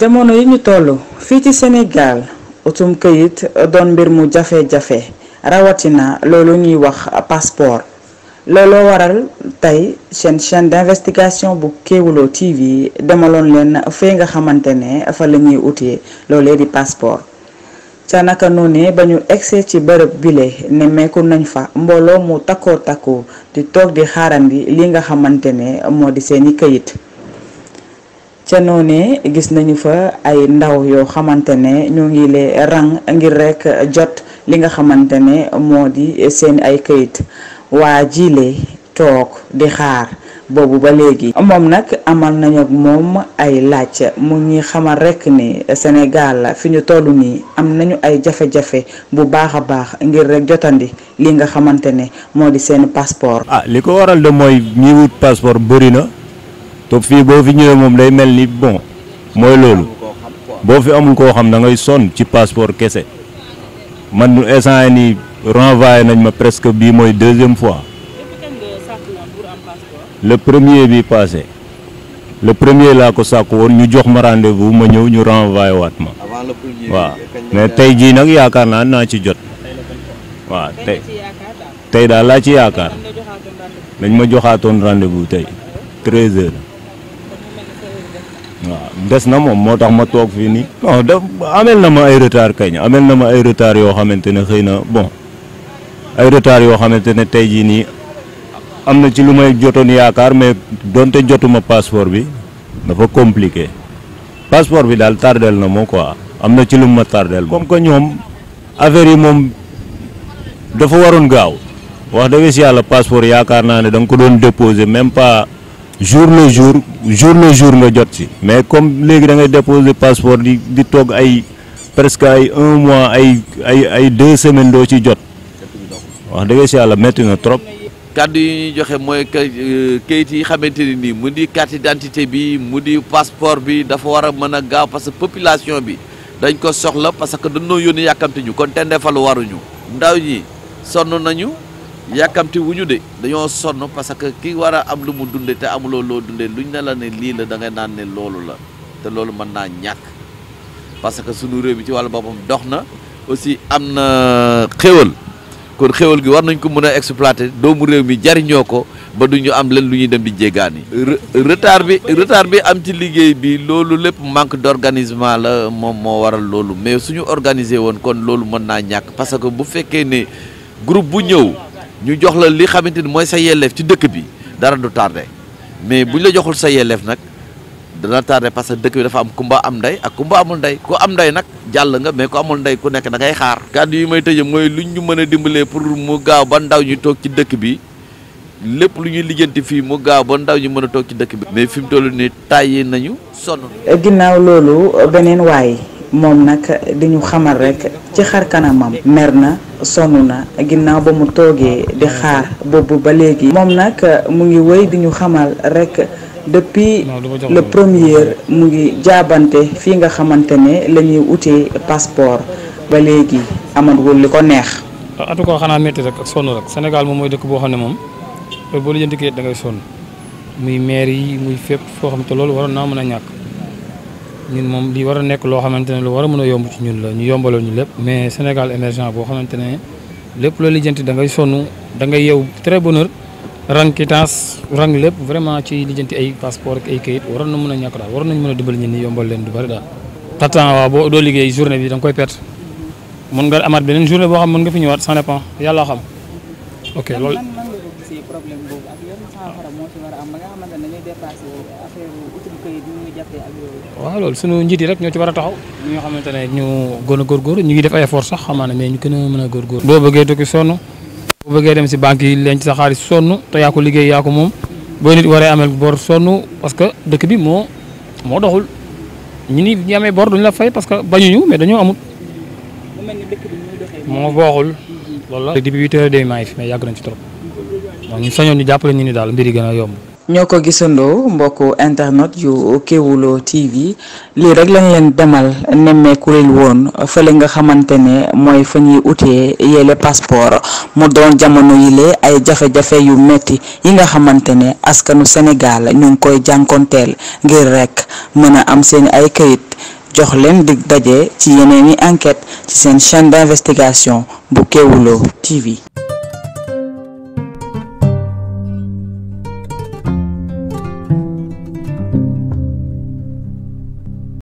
jamono yi ñu toll fii ci Sénégal utum këyit doon mbir mu jafe-jafe rawatina loolu ñuy wax passeport looloo waral tey seen chaîne d'investigation bu Kéwoulo TV demaloon leen fee nga xamante ne fa la ñuy utee loolee di passeport ca naka noonee ba ñu egsee ci bërëb bile ne meeku nañ fa mbooloo mu takkoo takku di toog di xaarandi li nga xamante ne moo di seeni këyit ca noonee gis nañu fa ay ndaw yoo xamante ne ñoo ngi lee rang ngir rek jot li nga xamante ne moo di seen ay kayit waa jiile toog di xaar boobu ba léegi moom nag amal nañu ak moom ay laaj mu ngi xamal rek ni Sénégal la fi ñu toll nii am nañu ay jafe-jafe bu baax a baax ngir rek jotandi li nga xamante ne moo di seen passeport. ah li ko waral de mooy ñi wut passeport bëri na. te fii boo fi ñëwee moom day mel ni bon mooy loolu boo fi amul koo xam da ngay sonn ci passeport kese man nu instant nii renvoyé nañ ma presque bii mooy deuxième fois le premier bi passé le premier laa ko sàkk woon ñu jox ma rendez-vous ma ñëw ñu renvoyé waat ma waaw mais tey jii nag yaakaar naa naa ci jot waaw tey tey daal laa ci yaakaar dañ ma joxaatoon rendez-vous tey 13 heures waaw des na moom moo tax ma toog fii nii. non daf amel na ma ay retard kañ amel na ma ay retard yoo xamante ne xëy na bon ay retard yoo xamante ne tey jii nii am na ci lu may jotoon yaakaar mais donte jotuma passeport bi dafa compliqué passeport bi daal tardel na moom quoi am na ci lu ma tardel. comme ko ñoom affaire yi moom dafa waroon gaaw wax dëgg si yàlla passeport yaakaar naa ne da ko doon déposer même pas. jour le jour jour le jour nga jot ci mais comme léegi dangay ngay déposer passeport di di toog ay presque ay un mois ay ay ay deux semaines doo ci jot wax dëgg si àlla métti na trop. kàddu yi ñuy joxe mooy euh, kayit yi xamante ne nii mu di carte d'identité bi mu di passeport bi dafa war a mën a gaaw parce que population bi dañ ko soxla parce que noo yónni yàkkamti ñu kon te ndefalu waruñu ndaw ñi sonn nañu. yàkkamti wu ñu de dañoo sonn parce que ki war a am lu mu dunde te amuloo loo lu ñu ne la ne lii la da ngay naan ne loolu la te loolu mën naa ñàkk parce que sunu réew mi ci wàllu boppam dox na aussi am na xéwal kon xéwal gi war nañ ko mën a exploiter doomu réew mi jariñoo ko ba du ñu am leen lu ñuy dem di jéggaani retard bi retard bi am ci liggéey bi loolu lépp manque d'organisement la moom moo waral loolu mais suñu organiser woon kon loolu mën naa ñàkk parce que bu fekkee ne groupe bu ñëw ñu jox la li xamante ni mooy sa yelleef ci dëkk bi dara du tardé mais buñ la joxul sa yelleef nag dana tardé parce que dëkk bi dafa am kumba am ndey ak kumba amul ndey ku am ndey nag jàll nga mais ku amul ndey ku nekk da ngay xaar. kàddu yi may tëjee mooy lu ñu mën a dimbalee pour mu gaaw ba ndaw ñu toog ci dëkk bi lépp lu ñuy lijjanti fii mu gaaw ba ndaw ñu mën a toog ci dëkk bi. mais fi mu toll nii tàyyi nañu sonn. ginnaaw loolu beneen waay moom nag di xamal rek ci xar kanamam mer na. sonn na ginnaaw ba mu toogee di xaar boobu ba léegi. moom nag euh, mu ngi wéy di ñu xamal rek. depuis le premier mu ngi jaabante fii nga xamante ne la ñuy utee passeport ba léegi amatwul li ko neex. Euh, atu ko xanaa métti rek ak sonn rek Sénégal moom mooy dëkk boo xam ne moom euh, boo lijjanti kayit da ngay sonn muy maire yi muy fépp foo xam te loolu waroon naa mën a ñàkk. ñun moom li war a nekk loo xamante ne lu war a mën a yomb ci ñun la ñu yombaloo ñu lépp mais Sénégal émergent boo xamante ne lépp loo lijjanti da ngay sonn da ngay yow très bonne heure rang quittance rang lépp vraiment ci lijjanti ay passeport ak ay kayit waroon na mën a ñàkk daal waroon nañ mën a dimbali ñun ni yombal leen du bëri daal. tatan waaw boo doo liggéey journée bi da koy perte mën nga amaat beneen journée boo xam mën nga fi ñëwaat ça dépend yàlla xam ok waaw loolu sunu njiit yi rek ñoo ci war a taxaw ñi nga xamante ne ñu gën a góorgóorlu ñu ngi def ay effort sax xamaa ne mais ñu gën a mën a góorgóorlu boo bëggee tukki sonn boo bëggee dem si banque yi leen ci sa xaalis sonn te yaa liggéey yaa moom boo nit waree amel bor sonn parce que dëkk bi moo moo doxul ñu ni ñi bor duñu la fay parce que bañuñu mais dañoo amut moo booxul loolu la depuis huit heures demi maa ngi yàgg nañ ci trop donc ñu sañoon ñu jàppale ñu ni daal mbir yi gën a yomb ñoo ko gisandoo mbokku internet yu Kéwoulo TV lii rek lañ leen demal nemmee kuréel woon fële nga xamante ne mooy fa ñuy utee yele passeport mu doon jamono yile ay jafe-jafe yu metti yi nga xamante ne askanu senegal ñu ngi koy jànkonteel ngir rek mën a am seen ay kayit jox leen dig daje ci yeneeni enquête ci seen chaîne d'investigation bu Kéwoulo TV